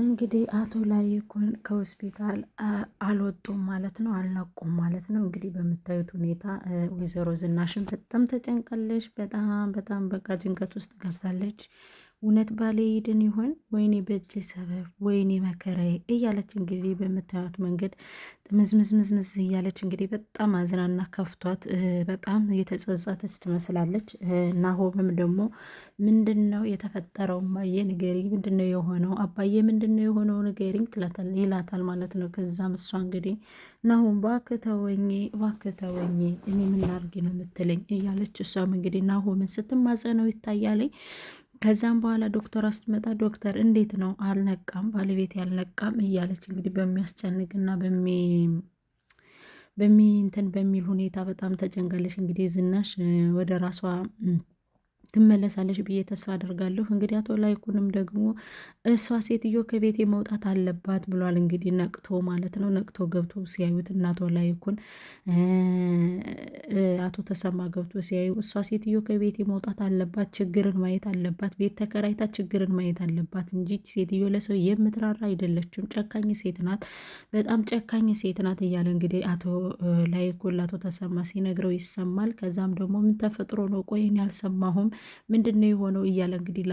እንግዲህ አቶ ላይኩን ከሆስፒታል አልወጡም ማለት ነው፣ አልነቁም ማለት ነው። እንግዲህ በምታዩት ሁኔታ ወይዘሮ ዝናሽን በጣም ተጨንቃለች። በጣም በጣም በቃ ጭንቀት ውስጥ ገብታለች። እውነት ባሌ ይድን ይሆን? ወይኔ በእጄ ሰበብ፣ ወይኔ መከራዬ እያለች እንግዲህ በምታዩት መንገድ ምዝምዝምዝምዝ እያለች እንግዲህ በጣም አዝናና ከፍቷት በጣም የተጸጸተች ትመስላለች። ናሆምም ደግሞ ምንድን ነው የተፈጠረው? እማዬ ንገሪኝ፣ ምንድን ነው የሆነው? አባዬ ምንድን ነው የሆነው? ንገሪኝ ይላታል ማለት ነው። ከዛም እሷ እንግዲህ ናሆም ባክተወኝ፣ ባክተወኝ እኔ ምን ነው የምትለኝ? እያለች እሷም እንግዲህ ናሆምን ስትማጸነው ይታያለኝ ከዛም በኋላ ዶክተሯ ስትመጣ ዶክተር እንዴት ነው አልነቃም፣ ባለቤት ያልነቃም እያለች እንግዲህ በሚያስጨንቅና በሚ በሚንትን በሚል ሁኔታ በጣም ተጨንጋለች። እንግዲህ ዝናሽ ወደ ራሷ ትመለሳለች ብዬ ተስፋ አደርጋለሁ። እንግዲህ አቶ ላይኩንም ደግሞ እሷ ሴትዮ ከቤቴ መውጣት አለባት ብሏል። እንግዲህ ነቅቶ ማለት ነው ነቅቶ ገብቶ ሲያዩት እና አቶ ላይኩን አቶ ተሰማ ገብቶ ሲያዩ እሷ ሴትዮ ከቤቴ መውጣት አለባት፣ ችግርን ማየት አለባት፣ ቤት ተከራይታ ችግርን ማየት አለባት እንጂ ሴትዮ ለሰው የምትራራ አይደለችም፣ ጨካኝ ሴት ናት፣ በጣም ጨካኝ ሴት ናት እያለ እንግዲህ አቶ ላይኩን ለአቶ ተሰማ ሲነግረው ይሰማል። ከዛም ደግሞ ምን ተፈጥሮ ነው ቆይን ያልሰማሁም ምንድን ነው የሆነው እያለ እንግዲህ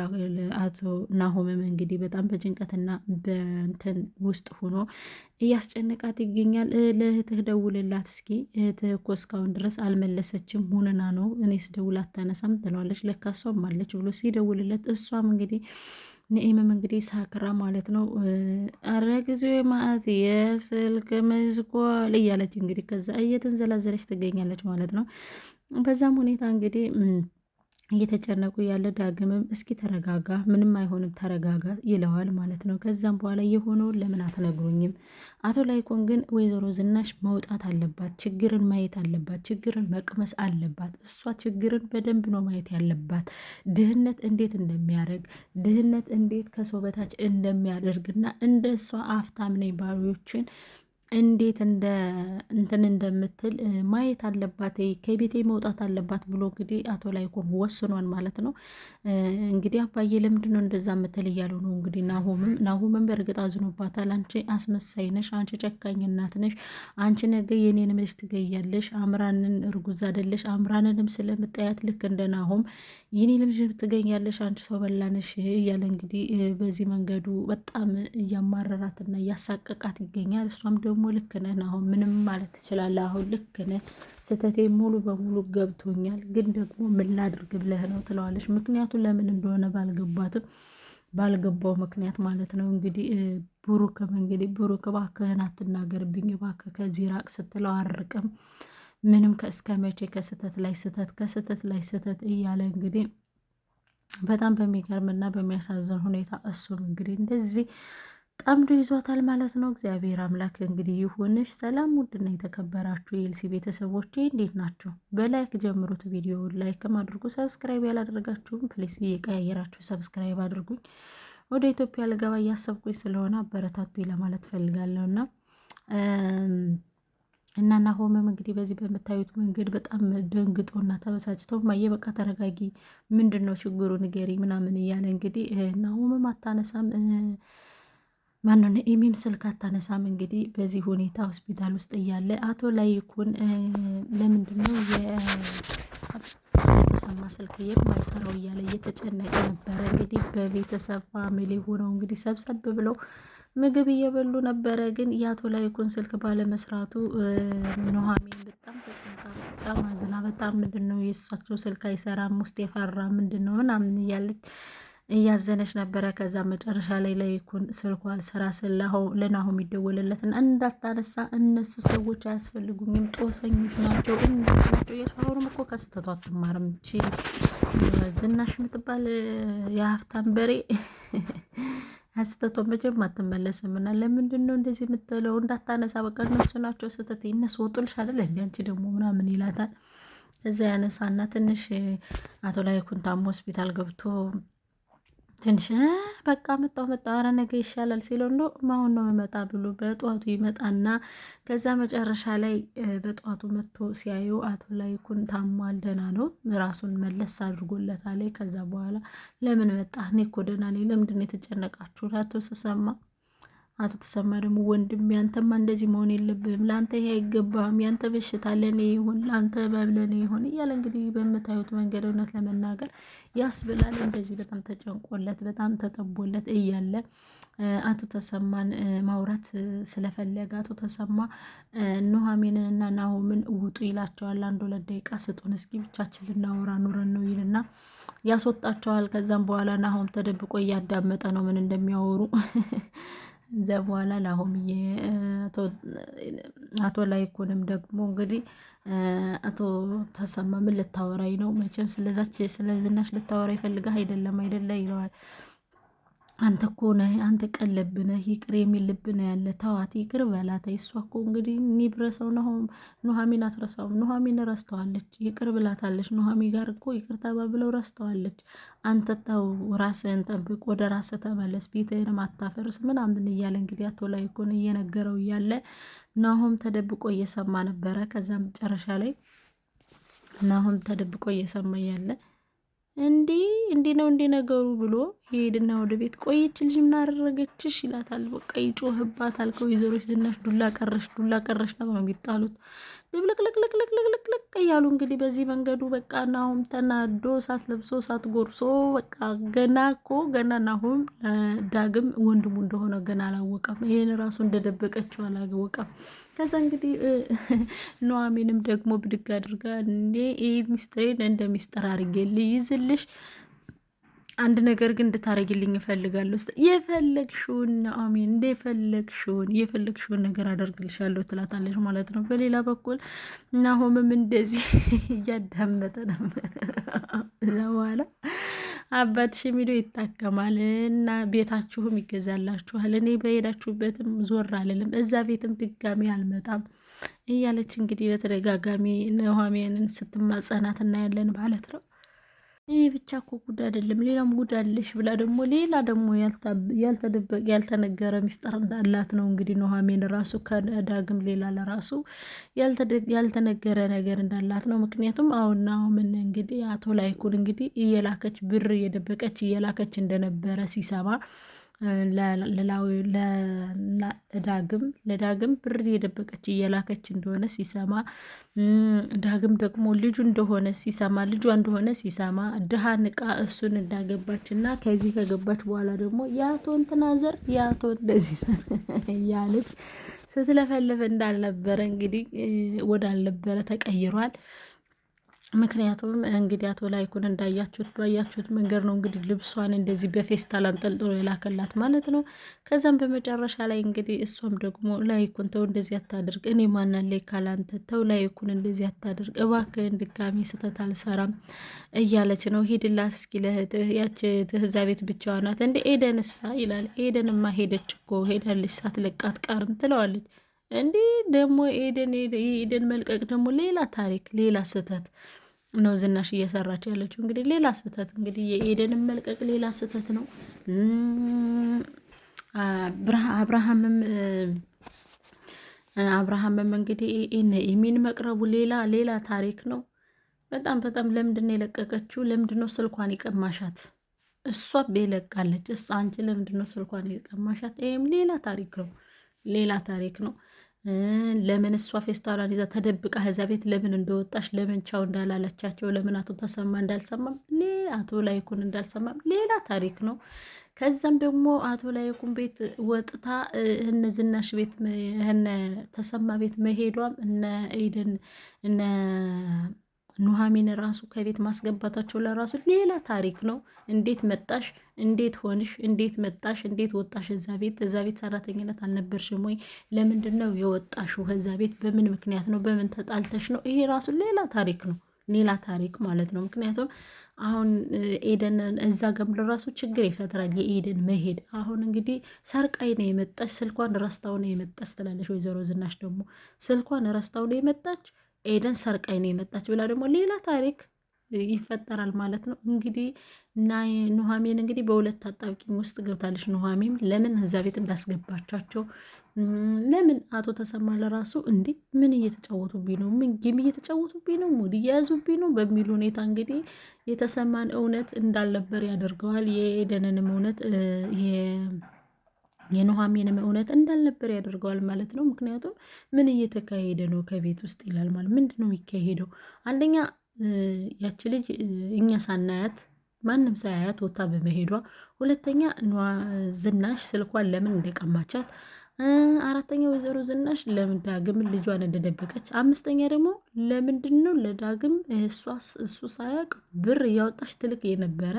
አቶ ናሆምም እንግዲህ በጣም በጭንቀትና በንትን ውስጥ ሆኖ እያስጨነቃት ይገኛል። ለእህትህ ደውልላት እስኪ እህትህ እኮ እስካሁን ድረስ አልመለሰችም፣ ሁንና ነው እኔ ስደውል አታነሳም ትለዋለች። ለካ እሷም አለች ብሎ ሲደውልለት እሷም እንግዲህ ንኤምም እንግዲህ ሳክራ ማለት ነው አረ ጊዜው ማአት የስልክ መስኮል እያለች እንግዲህ ከዛ እየተንዘላዘለች ትገኛለች ማለት ነው። በዛም ሁኔታ እንግዲህ እየተጨነቁ ያለ ዳግምም እስኪ ተረጋጋ፣ ምንም አይሆንም ተረጋጋ ይለዋል ማለት ነው። ከዛም በኋላ የሆነውን ለምን አትነግሩኝም? አቶ ላይኮን ግን ወይዘሮ ዝናሽ መውጣት አለባት፣ ችግርን ማየት አለባት፣ ችግርን መቅመስ አለባት። እሷ ችግርን በደንብ ነው ማየት ያለባት፣ ድህነት እንዴት እንደሚያደርግ ድህነት እንዴት ከሰው በታች እንደሚያደርግና እንደ እሷ አፍታም ነኝ ባሪዎችን እንዴት እንደ እንትን እንደምትል ማየት አለባት፣ ከቤቴ መውጣት አለባት ብሎ እንግዲህ አቶ ላይኩን ወስኗል ማለት ነው። እንግዲህ አባዬ ለምንድን ነው እንደዛ ምትል እያሉ ነው እንግዲህ ናሆምም ናሆምም በእርግጥ አዝኖባታል። አንቺ አስመሳይ ነሽ፣ አንቺ ጨካኝ እናት ነሽ፣ አንቺ ነገ የኔንም ልጅ ትገያለሽ፣ አምራንን እርጉዝ አይደለሽ፣ አምራንንም ስለምጠያት ልክ እንደ ናሆም የኔ ልምሽ ትገኛለሽ፣ አንቺ ሰው በላነሽ እያለ እንግዲህ በዚህ መንገዱ በጣም እያማረራትና እያሳቀቃት ይገኛል። እሷም ደግሞ ደግሞ ልክ ነህ አሁን ምንም ማለት ትችላለህ። አሁን ልክ ነህ ስህተቴ ሙሉ በሙሉ ገብቶኛል፣ ግን ደግሞ ምን ላድርግ ብለህ ነው ትለዋለች። ምክንያቱ ለምን እንደሆነ ባልገባትም ባልገባው ምክንያት ማለት ነው እንግዲህ ብሩክም እንግዲህ ብሩክ እባክህን አትናገርብኝ እባክህ ከዚህ ራቅ ስትለው አርቅም ምንም ከእስከ መቼ ከስህተት ላይ ስህተት ከስህተት ላይ ስህተት እያለ እንግዲህ በጣም በሚገርምና በሚያሳዝን ሁኔታ እሱም እንግዲህ እንደዚህ ጠምዶ ይዟታል ማለት ነው። እግዚአብሔር አምላክ እንግዲህ ይሁንሽ። ሰላም ውድና የተከበራችሁ የኤልሲ ቤተሰቦቼ እንዴት ናቸው? በላይክ ጀምሩት። ቪዲዮ ላይክም አድርጉ። ሰብስክራይብ ያላደረጋችሁም ፕሊስ እየቀያየራችሁ ሰብስክራይብ አድርጉኝ። ወደ ኢትዮጵያ ልገባ እያሰብኩኝ ስለሆነ አበረታቱ ለማለት ፈልጋለሁ እና እና ናሆምም እንግዲህ በዚህ በምታዩት መንገድ በጣም ደንግጦና ተበሳጭቶ ማየ በቃ ተረጋጊ፣ ምንድን ነው ችግሩ ንገሪ ምናምን እያለ እንግዲህ ናሆምም አታነሳም ማነው ኤሚም ስልክ አታነሳም። እንግዲህ በዚህ ሁኔታ ሆስፒታል ውስጥ እያለ አቶ ላይኩን ለምንድነው የተሰማ ስልክ የማይሰራው እያለ እየተጨነቀ ነበረ። እንግዲህ በቤተሰብ ፋሚሊ ሆነው እንግዲህ ሰብሰብ ብለው ምግብ እየበሉ ነበረ። ግን የአቶ ላይኩን ስልክ ባለመስራቱ ኑሐሚን በጣም ተጨንቃ በጣም አዝና በጣም ምንድን ነው የእሳቸው ስልክ አይሰራም ውስጥ የፈራ ምንድን ነው ምናምን እያለች እያዘነች ነበረ። ከዛ መጨረሻ ላይ ለይኩን ስልኳል ስራ ስለሆው ለናሆም ይደወልለትና እንዳታነሳ እነሱ ሰዎች አያስፈልጉኝም፣ ጦሰኞች ናቸው፣ እንደዚህ ናቸው። የሻወሩም እኮ ከስተቷ አትማርም። ቺ ዝናሽ የምትባል የሀብታም በሬ ስተቷ መቼም አትመለስም። እና ለምንድን ነው እንደዚህ የምትለው? እንዳታነሳ በቃ እነሱ ናቸው ስተት፣ እነሱ ወጡልሽ አይደለ እንዲ አንቺ ደግሞ ምናምን ይላታል። እዛ ያነሳና ትንሽ አቶ ላይኩን ታሞ ሆስፒታል ገብቶ ትንሽ በቃ መጣው መጣ ኧረ ነገ ይሻላል ሲለው እንዶ ማሁን ነው መመጣ ብሎ በጠዋቱ ይመጣና ከዛ መጨረሻ ላይ በጠዋቱ መጥቶ ሲያዩ አቶ ላይኩን ታሟል፣ ደህና ነው ራሱን መለስ አድርጎለታል። ከዛ በኋላ ለምን መጣ? እኔ እኮ ደህና ነኝ፣ ለምንድን ነው የተጨነቃችሁ? ስሰማ አቶ ተሰማ ደግሞ ወንድም ያንተማ እንደዚህ መሆን የለብህም፣ ለአንተ ይሄ አይገባህም፣ ያንተ በሽታ ለእኔ ይሁን፣ ለአንተ ህመም ለእኔ ይሁን እያለ እንግዲህ በምታዩት መንገድ እውነት ለመናገር ያስብላል። እንደዚህ በጣም ተጨንቆለት በጣም ተጠቦለት እያለ አቶ ተሰማን ማውራት ስለፈለገ አቶ ተሰማ ኑሐሚንን እና ናሆምን ውጡ ይላቸዋል። አንድ ሁለት ደቂቃ ስጡን እስኪ ብቻችን ልናወራ ኑረን ነው ይልና ያስወጣቸዋል። ከዛም በኋላ ናሆም ተደብቆ እያዳመጠ ነው ምን እንደሚያወሩ እዛ በኋላ ናሆምዬ አቶ ላይኩንም ደግሞ እንግዲህ አቶ ተሰማ ምን ልታወራኝ ነው? መቼም ስለዛች ስለ ልታወራ ይፈልጋ አይደለም አይደለ ይለዋል። አንተ እኮ ነህ አንተ ቀለብ ነህ ይቅር የሚል ልብ ነው ያለ። ተዋት ይቅር በላታ እሷ እኮ እንግዲህ ኒብረሰው ኑሐሚን አትረሳውም። ኑሐሚን ረስተዋለች፣ ይቅር ብላታለች። ኑሐሚን ጋር እኮ ይቅር ተባብለው ረስተዋለች። አንተ ተው፣ ራስህን ጠብቅ፣ ወደ ራስህ ተመለስ፣ ቤትህንም አታፈርስ ምናምን እያለ እንግዲህ አቶ ላይ እኮን እየነገረው እያለ ናሆም ተደብቆ እየሰማ ነበረ። ከዛም መጨረሻ ላይ ናሆም ተደብቆ እየሰማ ያለ እንዴ እንዴ ነው እንዴ ነገሩ ብሎ ይሄድና ወደ ቤት ቆይች ልጅ ምን አደረገችሽ ይላታል። በቃ ይጮህባታል። ከወይዘሮች ዝናሽ ዱላ ቀረሽ ዱላ ቀረሽ ነው የሚጣሉት። ልብልቅልቅልቅልቅልቅ እያሉ እንግዲህ በዚህ መንገዱ በቃ ናሁም ተናዶ ሳት ለብሶ ሳት ጎርሶ በቃ ገና እኮ ገና ናሁም ዳግም ወንድሙ እንደሆነ ገና አላወቀም። ይህን ራሱ እንደደበቀችው አላወቀም። ከዛ እንግዲህ ኑሐሚንም ደግሞ ብድግ አድርጋ እኔ ይህ ሚስጥሬን እንደ ሚስጥር አድርጌ ልይዝልሽ አንድ ነገር ግን እንድታረጊልኝ እፈልጋለሁ። ስ የፈለግሽውን ኑሐሚን እንደፈለግሽውን የፈለግሽውን ነገር አደርግልሻለሁ ትላታለች ማለት ነው። በሌላ በኩል ናሆምም እንደዚህ እያዳመጠ ነበር። እዛ በኋላ አባትሽ የሚለው ይታከማል እና ቤታችሁም ይገዛላችኋል። እኔ በሄዳችሁበትም ዞር አልልም፣ እዛ ቤትም ድጋሚ አልመጣም እያለች እንግዲህ በተደጋጋሚ ኑሐሚንን ስትማጸናት እናያለን ማለት ነው። ይህ ብቻ እኮ ጉድ አይደለም፣ ሌላም ጉድ አለሽ ብላ ደግሞ ሌላ ደግሞ ያልተደበቀ ያልተነገረ ሚስጥር እንዳላት ነው እንግዲህ ኑሐሚን ራሱ ከዳግም ሌላ ለራሱ ያልተነገረ ነገር እንዳላት ነው። ምክንያቱም አሁን ኑሐሚን እንግዲህ አቶ ላይኩን እንግዲህ እየላከች ብር እየደበቀች እየላከች እንደነበረ ሲሰማ ለዳግም ለዳግም ብር የደበቀች እየላከች እንደሆነ ሲሰማ ዳግም ደግሞ ልጁ እንደሆነ ሲሰማ ልጇ እንደሆነ ሲሰማ ድሃ ንቃ እሱን እንዳገባች እና ከዚህ ከገባች በኋላ ደግሞ የአቶ እንትና ዘር የአቶ እንደዚህ እያለች ስትለፈልፍ እንዳልነበረ እንግዲህ ወዳልነበረ ተቀይሯል። ምክንያቱም እንግዲህ አቶ ላይኩን እንዳያችሁት ባያችሁት መንገድ ነው እንግዲህ ልብሷን እንደዚህ በፌስታል አንጠልጥሎ የላከላት ማለት ነው። ከዛም በመጨረሻ ላይ እንግዲህ እሷም ደግሞ ላይኩን ተው እንደዚህ አታድርግ፣ እኔ ማናለኝ ካላንተ፣ ተው ላይኩን እንደዚህ አታድርግ እባክህን፣ ድጋሚ ስህተት አልሰራም እያለች ነው። ሂድላ እስኪ ለእህትህ፣ ያች ትህዛ ቤት ብቻዋናት እንደ ኤደንሳ ይላል። ኤደንማ ሄደች እኮ ሄዳለች፣ ሳትለቅ አትቀርም ትለዋለች። እንዴ ደግሞ ኤደን መልቀቅ ደግሞ ሌላ ታሪክ፣ ሌላ ስህተት ነው ዝናሽ እየሰራች ያለችው። እንግዲህ ሌላ ስህተት እንግዲህ የኤደንን መልቀቅ ሌላ ስህተት ነው። አብርሃምም አብርሃምም እንግዲህ ኤሚን መቅረቡ ሌላ ሌላ ታሪክ ነው። በጣም በጣም ለምንድን የለቀቀችው? ለምንድን ነው ስልኳን የቀማሻት? እሷ ቤለቃለች እሷ አንቺ ለምንድን ነው ስልኳን የቀማሻት? ይህም ሌላ ታሪክ ነው ሌላ ታሪክ ነው። ለምን እሷ ፌስታሏን ይዛ ተደብቃ ከዛ ቤት ለምን እንደወጣሽ ለምን ቻው እንዳላለቻቸው ለምን አቶ ተሰማ እንዳልሰማም አቶ ላይኩን እንዳልሰማም ሌላ ታሪክ ነው። ከዛም ደግሞ አቶ ላይኩን ቤት ወጥታ እነ ዝናሽ ቤት እነ ተሰማ ቤት መሄዷም እነ ኤደን እነ ኑሐሚን ራሱ ከቤት ማስገባታቸው ለራሱ ሌላ ታሪክ ነው። እንዴት መጣሽ? እንዴት ሆንሽ? እንዴት መጣሽ? እንዴት ወጣሽ? እዛ ቤት እዛ ቤት ሰራተኝነት አልነበርሽም ወይ? ለምንድን ነው የወጣሽው እዛ ቤት? በምን ምክንያት ነው? በምን ተጣልተሽ ነው? ይሄ ራሱ ሌላ ታሪክ ነው። ሌላ ታሪክ ማለት ነው። ምክንያቱም አሁን ኤደን እዛ ገምሎ ራሱ ችግር ይፈጥራል የኤደን መሄድ። አሁን እንግዲህ ሰርቃይ ነው የመጣች፣ ስልኳን ረስታው ነው የመጣች ትላለች ወይዘሮ ዝናሽ ደግሞ ስልኳን ረስታው ነው የመጣች ኤደን ሰርቃይ ነው የመጣች ብላ ደግሞ ሌላ ታሪክ ይፈጠራል ማለት ነው። እንግዲህ ኑሐሜን እንግዲህ በሁለት አጣብቂኝ ውስጥ ገብታለች። ኑሐሜም ለምን እዛ ቤት እንዳስገባቻቸው ለምን አቶ ተሰማ ለራሱ እንዴ ምን እየተጫወቱብኝ ነው? ምን ጌም እየተጫወቱብኝ ነው? ሙድ እየያዙብኝ ነው በሚል ሁኔታ እንግዲህ የተሰማን እውነት እንዳልነበር ያደርገዋል። የኤደንንም እውነት የኑሐሚንም እውነት እንዳልነበር ያደርገዋል ማለት ነው። ምክንያቱም ምን እየተካሄደ ነው ከቤት ውስጥ ይላል ማለት ምንድን ነው የሚካሄደው? አንደኛ ያቺ ልጅ እኛ ሳናያት ማንም ሳያያት ወታ በመሄዷ፣ ሁለተኛ ዝናሽ ስልኳን ለምን እንደቀማቻት አራተኛ ወይዘሮ ዝናሽ ለምን ዳግም ልጇን እንደደበቀች፣ አምስተኛ ደግሞ ለምንድን ነው ለዳግም እሱ ሳያውቅ ብር እያወጣች ትልቅ የነበረ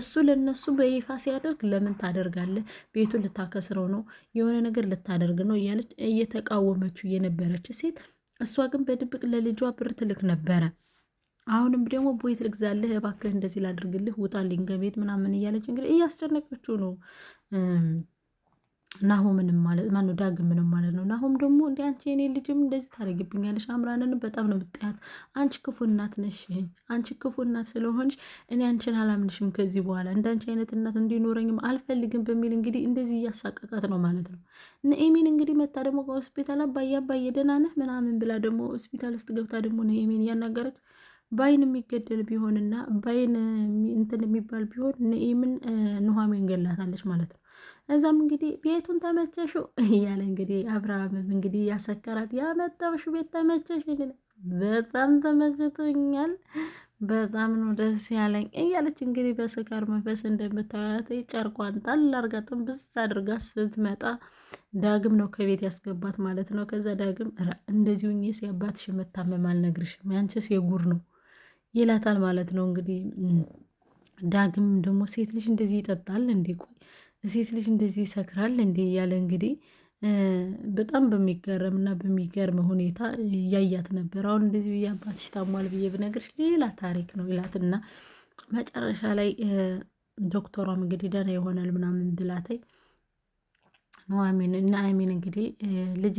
እሱ ለነሱ በይፋ ሲያደርግ ለምን ታደርጋለህ? ቤቱን ልታከስረው ነው፣ የሆነ ነገር ልታደርግ ነው እያለች እየተቃወመችው የነበረች ሴት፣ እሷ ግን በድብቅ ለልጇ ብር ትልቅ ነበረ። አሁንም ደግሞ ቦይ ትልግዛለህ፣ እባክህ እንደዚህ ላድርግልህ፣ ውጣልኝ ከቤት ምናምን እያለች እንግዲህ እያስጨነቀችው ነው። ናሆምንም ማለት ዳግ ምንም ማለት ነው። ናሆም ደግሞ እንደ አንቺ የኔ ልጅም እንደዚህ ታደርግብኛለሽ፣ አምራንን በጣም ነው ብታያት፣ አንቺ ክፉ እናት ነሽ፣ አንቺ ክፉ እናት ስለሆንሽ እኔ አንቺን አላምንሽም፣ ከዚህ በኋላ እንደ አንቺ አይነት እናት እንዲኖረኝም አልፈልግም በሚል እንግዲህ እንደዚህ እያሳቀቃት ነው ማለት ነው። ነኤሜን እንግዲህ መታ ደግሞ ከሆስፒታል አባዬ አባዬ ደህና ነህ ምናምን ብላ ደግሞ ሆስፒታል ውስጥ ገብታ ደግሞ ነኤሜን እያናገረች ባይን የሚገደል ቢሆንና ባይን እንትን የሚባል ቢሆን ነኤምን ኑሐሚን ገላታለች ማለት ነው። እዛም እንግዲህ ቤቱን ተመቸሹ እያለ እንግዲህ አብርሃምም እንግዲህ ያሰከራት ያመጣውሽ ቤት ተመቸሽ ይልል በጣም ተመችቶኛል፣ በጣም ነው ደስ ያለኝ እያለች እንግዲህ በስካር መንፈስ እንደምታያት ጨርቋን ጣል አድርጋ ጥንብዝ አድርጋ ስትመጣ ዳግም ነው ከቤት ያስገባት ማለት ነው። ከዛ ዳግም እንደዚሁ ኝስ ያባትሽ መታመም አልነግርሽም ያንቺስ የጉር ነው ይላታል ማለት ነው። እንግዲህ ዳግም ደግሞ ሴት ልጅ እንደዚህ ይጠጣል እንዴ? ሴት ልጅ እንደዚህ ይሰክራል እንዴ እያለ እንግዲህ በጣም በሚገረም እና በሚገርም ሁኔታ እያያት ነበር። አሁን እንደዚህ ብዬ አባትሽ ታሟል ብዬ ብነግርሽ ሌላ ታሪክ ነው ይላት እና መጨረሻ ላይ ዶክተሯም እንግዲህ ደህና ይሆናል ምናምን ብላተኝ ኑሐሚን ኑሐሚን እንግዲህ ልጄ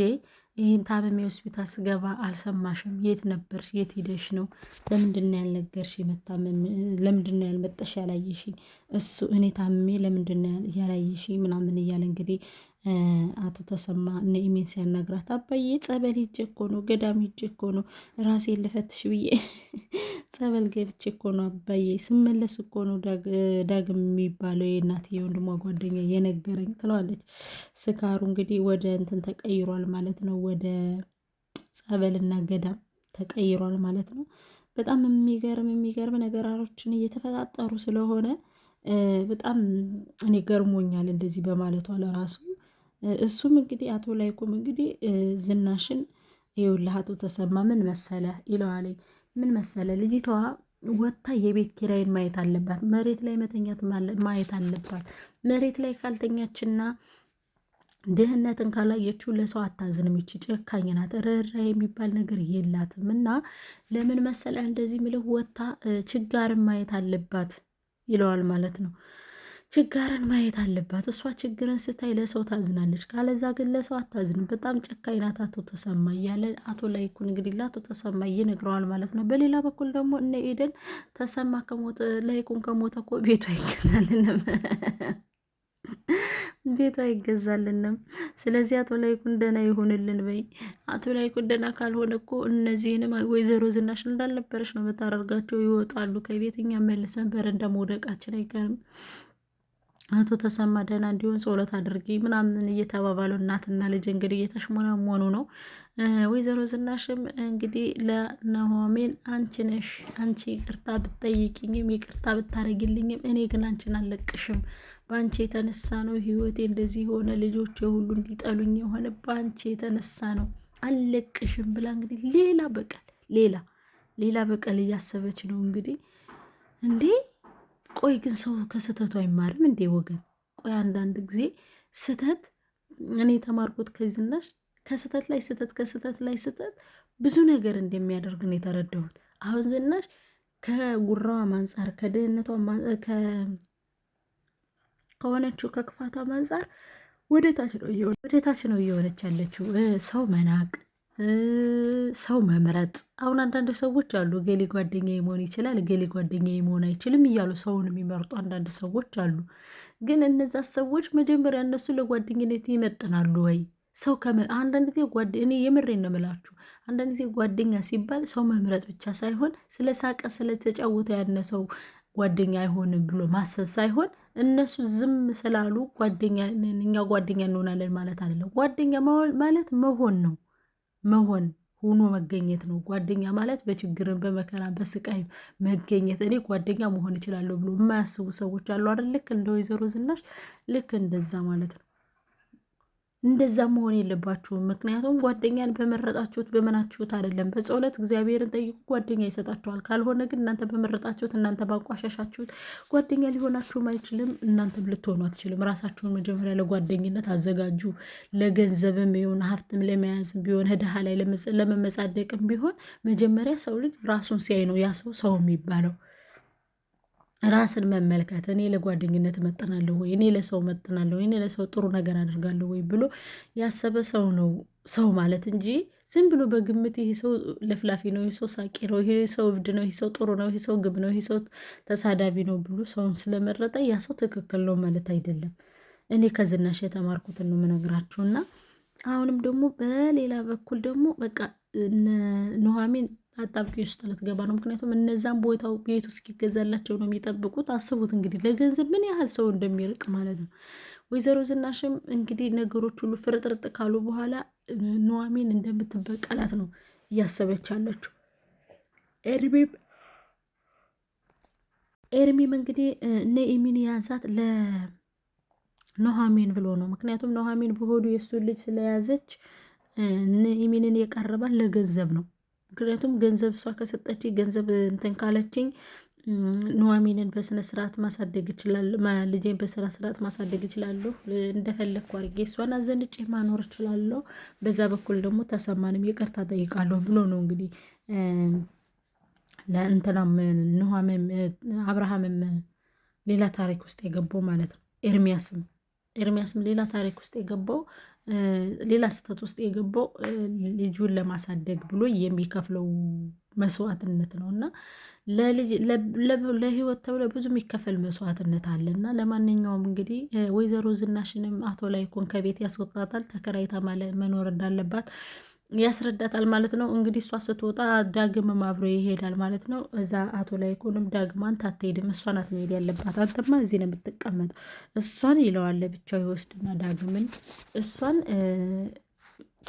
ይህን ታመሜ ሆስፒታል ስገባ አልሰማሽም? የት ነበርሽ? የት ሂደሽ ነው? ለምንድና ነው ያልነገርሽ? መታመም ለምንድን ነው ያልመጣሽ? እሱ እኔ ታመሜ ለምንድና ያላየሽ? ምናምን እያለ እንግዲህ አቶ ተሰማ እነ ኢሜን ሲያናግራት አባዬ ጸበል ሂጅ እኮ ነው ገዳም ሂጅ እኮ ነው ራሴን ልፈትሽ ብዬ ጸበል ገብቼ እኮ ነው አባዬ ስመለስ እኮ ነው ዳግም የሚባለው የእናት የወንድሟ ጓደኛ የነገረኝ ትለዋለች። ስካሩ እንግዲህ ወደ እንትን ተቀይሯል ማለት ነው፣ ወደ ጸበልና ገዳም ተቀይሯል ማለት ነው። በጣም የሚገርም የሚገርም ነገራሮችን እየተፈጣጠሩ ስለሆነ በጣም እኔ ገርሞኛል እንደዚህ በማለቷ ለራሱ እሱም እንግዲህ አቶ ላይኩም እንግዲህ ዝናሽን ይኸውልህ አቶ ተሰማ ምን መሰለ ይለዋለኝ። ምን መሰለ ልጅቷ ወጥታ የቤት ኪራይን ማየት አለባት፣ መሬት ላይ መተኛት ማየት አለባት። መሬት ላይ ካልተኛችና ድህነትን ካላየችው ለሰው አታዝንም። ይቺ ጨካኝ ናት፣ ርኅራ የሚባል ነገር የላትም። እና ለምን መሰለ እንደዚህ ምልህ ወጥታ ችጋርን ማየት አለባት ይለዋል ማለት ነው። ችጋርን ማየት አለባት። እሷ ችግርን ስታይ ለሰው ታዝናለች፣ ካለዛ ግን ለሰው አታዝንም። በጣም ጨካኝ ናት አቶ ተሰማ እያለ አቶ ላይኩን እንግዲህ ለአቶ ተሰማ ይነግረዋል ማለት ነው። በሌላ በኩል ደግሞ እነ ኤደን ተሰማ ከሞተ ላይኩን ከሞተ እኮ ቤቱ አይገዛልንም ቤቱ አይገዛልንም። ስለዚህ አቶ ላይኩን ደህና ይሆንልን በይ። አቶ ላይኩን ደህና ካልሆነ እኮ እነዚህንም ወይዘሮ ዝናሽ እንዳልነበረች ነው የምታደርጋቸው። ይወጣሉ ከቤት እኛ መልሰን በረንዳ መውደቃችን አይቀርም። አቶ ተሰማ ደህና እንዲሆን ጸሎት አድርጊ ምናምን እየተባባሉ እናትና ልጅ እንግዲህ እየተሽሞናሞኑ ነው። ወይዘሮ ዝናሽም እንግዲህ ለኑሃሚን አንቺ ነሽ አንቺ ይቅርታ ብትጠይቅኝም ይቅርታ ብታረግልኝም እኔ ግን አንቺን አለቅሽም በአንቺ የተነሳ ነው ህይወቴ እንደዚህ የሆነ ልጆች ሁሉ እንዲጠሉኝ የሆነ በአንቺ የተነሳ ነው አለቅሽም ብላ እንግዲህ ሌላ በቀል ሌላ ሌላ በቀል እያሰበች ነው እንግዲህ እንዴ ቆይ ግን ሰው ከስህተቱ አይማርም እንዴ ወገን? ቆይ አንዳንድ ጊዜ ስህተት እኔ የተማርኩት ከዝናሽ ከስህተት ላይ ስህተት ከስህተት ላይ ስህተት ብዙ ነገር እንደሚያደርግ ነው የተረዳሁት። አሁን ዝናሽ ከጉራዋ አንጻር ከድህነቷ ከሆነችው ከክፋቷ አንጻር ወደ ታች ነው እየሆነች ያለችው ሰው መናቅ ሰው መምረጥ። አሁን አንዳንድ ሰዎች አሉ ገሌ ጓደኛ መሆን ይችላል፣ ገሌ ጓደኛ መሆን አይችልም እያሉ ሰውን የሚመርጡ አንዳንድ ሰዎች አሉ። ግን እነዛ ሰዎች መጀመሪያ እነሱ ለጓደኝነት ይመጥናሉ ወይ? ሰው አንዳንድ ጊዜ እኔ የምሬን ነው የምላችሁ። አንዳንድ ጊዜ ጓደኛ ሲባል ሰው መምረጥ ብቻ ሳይሆን ስለ ሳቀ ስለተጫወተ ያነ ሰው ጓደኛ አይሆንም ብሎ ማሰብ ሳይሆን እነሱ ዝም ስላሉ ጓደኛ እኛ ጓደኛ እንሆናለን ማለት አይደለም። ጓደኛ ማለት መሆን ነው። መሆን ሆኖ መገኘት ነው። ጓደኛ ማለት በችግርን በመከራ በስቃይ መገኘት። እኔ ጓደኛ መሆን እችላለሁ ብሎ የማያስቡ ሰዎች አሉ አይደል? ልክ እንደ ወይዘሮ ዝናሽ ልክ እንደዛ ማለት ነው። እንደዛ መሆን የለባችሁም። ምክንያቱም ጓደኛን በመረጣችሁት በምናችሁት አይደለም። በጸሎት እግዚአብሔርን ጠይቁ፣ ጓደኛ ይሰጣችኋል። ካልሆነ ግን እናንተ በመረጣችሁት እናንተ ባንቋሻሻችሁት ጓደኛ ሊሆናችሁም አይችልም፣ እናንተም ልትሆኑ አትችልም። ራሳችሁን መጀመሪያ ለጓደኝነት አዘጋጁ። ለገንዘብም ቢሆን ሀብትም ለመያዝም ቢሆን ህድሃ ላይ ለመመጻደቅም ቢሆን መጀመሪያ ሰው ልጅ ራሱን ሲያይ ነው ያ ሰው ሰው የሚባለው። ራስን መመልከት እኔ ለጓደኝነት መጠናለሁ ወይ፣ እኔ ለሰው መጠናለሁ ወይ፣ እኔ ለሰው ጥሩ ነገር አድርጋለሁ ወይ ብሎ ያሰበ ሰው ነው ሰው ማለት እንጂ ዝም ብሎ በግምት ይህ ሰው ለፍላፊ ነው፣ ይሄ ሰው ሳቂ ነው፣ ይሄ ሰው እብድ ነው፣ ይሰው ሰው ጥሩ ነው፣ ይሄ ሰው ግብ ነው፣ ይሄ ሰው ተሳዳቢ ነው ብሎ ሰውን ስለመረጠ ያ ሰው ትክክል ነው ማለት አይደለም። እኔ ከዝናሽ የተማርኩትን ነው የምነግራችሁና አሁንም ደግሞ በሌላ በኩል ደግሞ በቃ ኑሃሚን አጣብቂ ውስጥ ልትገባ ነው። ምክንያቱም እነዛም ቦታው ቤቱ እስኪገዛላቸው ነው የሚጠብቁት። አስቡት እንግዲህ ለገንዘብ ምን ያህል ሰው እንደሚርቅ ማለት ነው። ወይዘሮ ዝናሽም እንግዲህ ነገሮች ሁሉ ፍርጥርጥ ካሉ በኋላ ኑሐሚን እንደምትበቀላት ነው እያሰበች ያለችው። ኤርሜም እንግዲህ እነ የያዛት ያዛት ለኑሐሚን ብሎ ነው። ምክንያቱም ኑሐሚን በሆዱ የእሱን ልጅ ስለያዘች ኤሚንን የቀረባት ለገንዘብ ነው ምክንያቱም ገንዘብ እሷ ከሰጠች ገንዘብ እንትን ካለችኝ ኑሐሚንን በስነ ስርዓት ማሳደግ እችላለሁ። ልጄን በስነ ስርዓት ማሳደግ እችላለሁ። እንደፈለግኩ አድርጌ እሷን አዘንጬ ማኖር እችላለሁ። በዛ በኩል ደግሞ ተሰማንም ይቅርታ ጠይቃለሁ ብሎ ነው እንግዲህ ለእንትናም ኑሐሚንም አብርሃምም ሌላ ታሪክ ውስጥ የገባው ማለት ነው። ኤርሚያስም ኤርሚያስም ሌላ ታሪክ ውስጥ የገባው ሌላ ስህተት ውስጥ የገባው ልጁን ለማሳደግ ብሎ የሚከፍለው መስዋዕትነት ነው እና ለህይወት ተብሎ ብዙ የሚከፈል መስዋዕትነት አለ እና ለማንኛውም እንግዲህ ወይዘሮ ዝናሽንም አቶ ላይኩን ከቤት ያስወጣታል። ተከራይታ መኖር እንዳለባት ያስረዳታል ማለት ነው። እንግዲህ እሷ ስትወጣ ዳግምም አብሮ ይሄዳል ማለት ነው። እዛ አቶ ላይ ኮንም ዳግም አንተ አትሄድም፣ እሷ ናት መሄድ ያለባት፣ አንተማ እዚህ ነው የምትቀመጥ እሷን ይለዋል። ብቻው ይወስድና ዳግምን እሷን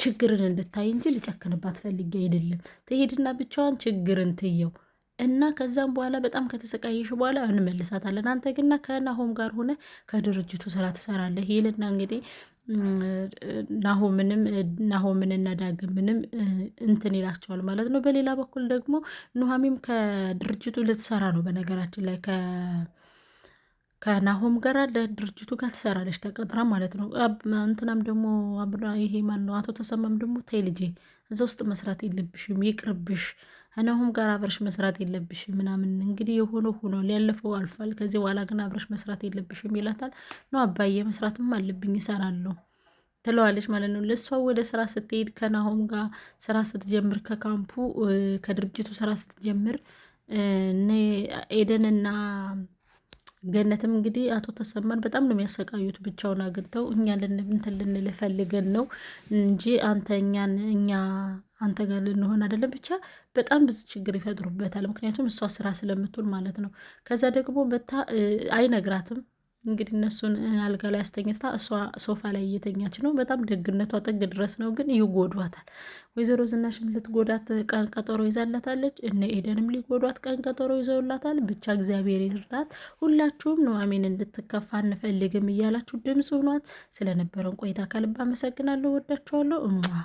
ችግርን እንድታይ እንጂ ልጨክንባት ፈልጌ አይደለም። ትሄድና ብቻዋን ችግርን ትየው እና ከዛም በኋላ በጣም ከተሰቃየሽ በኋላ እንመልሳታለን። አንተ ግና ከናሆም ጋር ሆነ ከድርጅቱ ስራ ትሰራለህ ይልና እንግዲህ ናሆምንም ናሆምንና ዳግምንም እንትን ይላቸዋል ማለት ነው። በሌላ በኩል ደግሞ ኑሐሚም ከድርጅቱ ልትሰራ ነው። በነገራችን ላይ ከናሆም ጋር ለድርጅቱ ጋር ትሰራለች ተቀጥራ ማለት ነው። እንትናም ደግሞ ይሄ ማን ነው አቶ ተሰማም ደግሞ ተይ ልጄ እዛ ውስጥ መስራት የለብሽም ይቅርብሽ ከናሁም ጋር አብረሽ መስራት የለብሽም ምናምን እንግዲህ የሆነ ሆኖ ያለፈው አልፏል። ከዚህ በኋላ ግን አብረሽ መስራት የለብሽም ይላታል። ነው አባዬ መስራትም አለብኝ እሰራለሁ ትለዋለች ማለት ነው። ለእሷ ወደ ስራ ስትሄድ ከናሆም ጋር ስራ ስትጀምር ከካምፑ ከድርጅቱ ስራ ስትጀምር ኤደንና ገነትም እንግዲህ አቶ ተሰማን በጣም ነው የሚያሰቃዩት። ብቻውን አግኝተው እኛ ልንብንትን ልንልፈልገን ነው እንጂ አንተ እኛን እኛ አንተ ጋር ልንሆን አይደለም ብቻ በጣም ብዙ ችግር ይፈጥሩበታል። ምክንያቱም እሷ ስራ ስለምትውል ማለት ነው። ከዛ ደግሞ በታ አይነግራትም እንግዲህ እነሱን አልጋ ላይ አስተኝታ እሷ ሶፋ ላይ እየተኛች ነው። በጣም ደግነቷ ጥግ ድረስ ነው፣ ግን ይጎዷታል። ወይዘሮ ዝናሽም ልትጎዳት ቀን ቀጠሮ ይዛላታለች። እነ ኤደንም ሊጎዷት ቀን ቀጠሮ ይዘውላታል። ብቻ እግዚአብሔር ይርዳት። ሁላችሁም ኑሐሚን እንድትከፋ አንፈልግም እያላችሁ ድምፅ ሆኗት። ስለነበረን ቆይታ ከልብ አመሰግናለሁ። ወዳችኋለሁ። እሟ